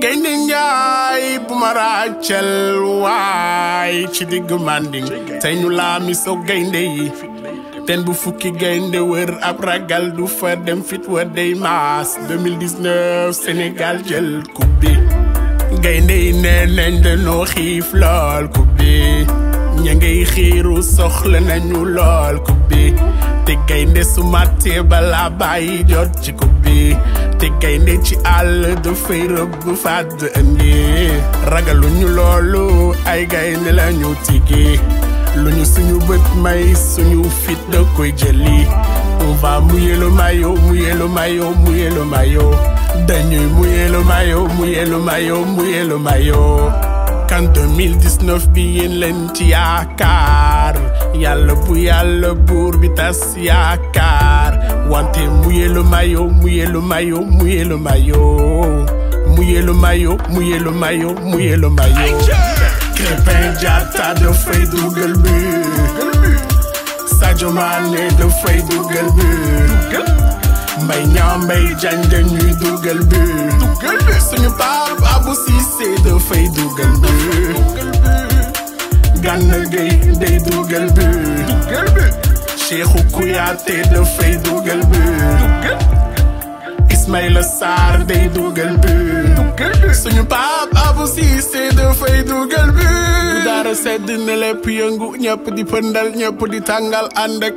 gaynde njaay bu ma ràccel waay ci diggu mànding tey ñu laami so gaynde yi ten bu fukki gaynde wër ab ragal du fa dem fit wa day maas 2019 jël coupe gaynde yi nee nañ dañoo xiif lool coupe bi ngay xiiru soxla nañu lool coupe gaynde suma téeba la bàyyi jot ci coupe chi te du ci àll dafay rëbb fàdd indi ragaluñu loolu ay gaynde lañu tigi luñu suñu bët may suñu fit da koy jëli on va mouiller le maillot mouiller le maillot mouiller le maillot dañuy mouiller le maillot mouiller En 2019 bien car il ya le le le le buur y'a car. On mouillé le maillot mouillé le maillot mouille le maillot Mouillé le maillot mouillé le maillot mouillez le maillot Krépin de de ça bi Sadio Mané feuille mbay ñaa mbay jànja ñuy dugal bi suñu paap abu siise dafay dugal bi gànna gay day dugal bi seexu kuyaate dafay dugal bi Ismaïla Sarr day dugal bi suñu paap abu siise dafay dugal bi dara sedd na lépp yëngu ñëpp di pëndal ñëpp di tàngal ànd ak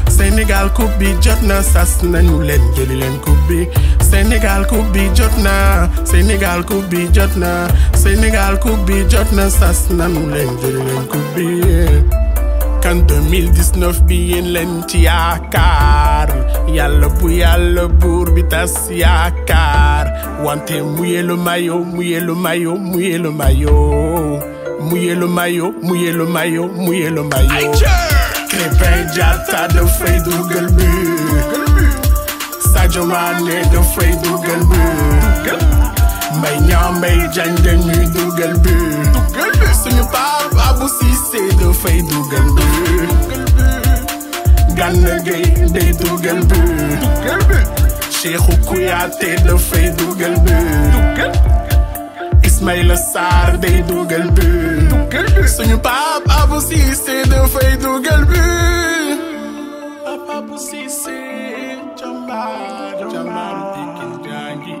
Sénégal coupe bi jotna sas nañu len coupe Sénégal coupe bi jotna Sénégal coupe bi jotna Sénégal coupe bi jotna sas nañu len jëli coupe bi kan 2019 bi yéen len ci yaakaar yàlla bu bi tas yaakar wante mouillez le maillot mouillez le maillot mouillez le maillot mouillez le maillot mouillez le maillot mouillez le maillot Mane pen jata de dugal but Sadio Mane de dugal but Mbaye Niang Mbaye Diagne dañuy do but suñu Pape Abou Cissé de dugal but Gana Gueye day dugal do Cheikhou Kouyaté dafay dugal but Ismaïla Sarr de dugal but suñu Pape Abou Cissé dafay dugal bi Pape Abou Cissé jàmbaar jàmbaar Pikine jaangi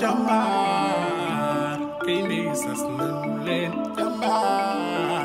jàmbaar kay ne sas nañu leen jàmbaar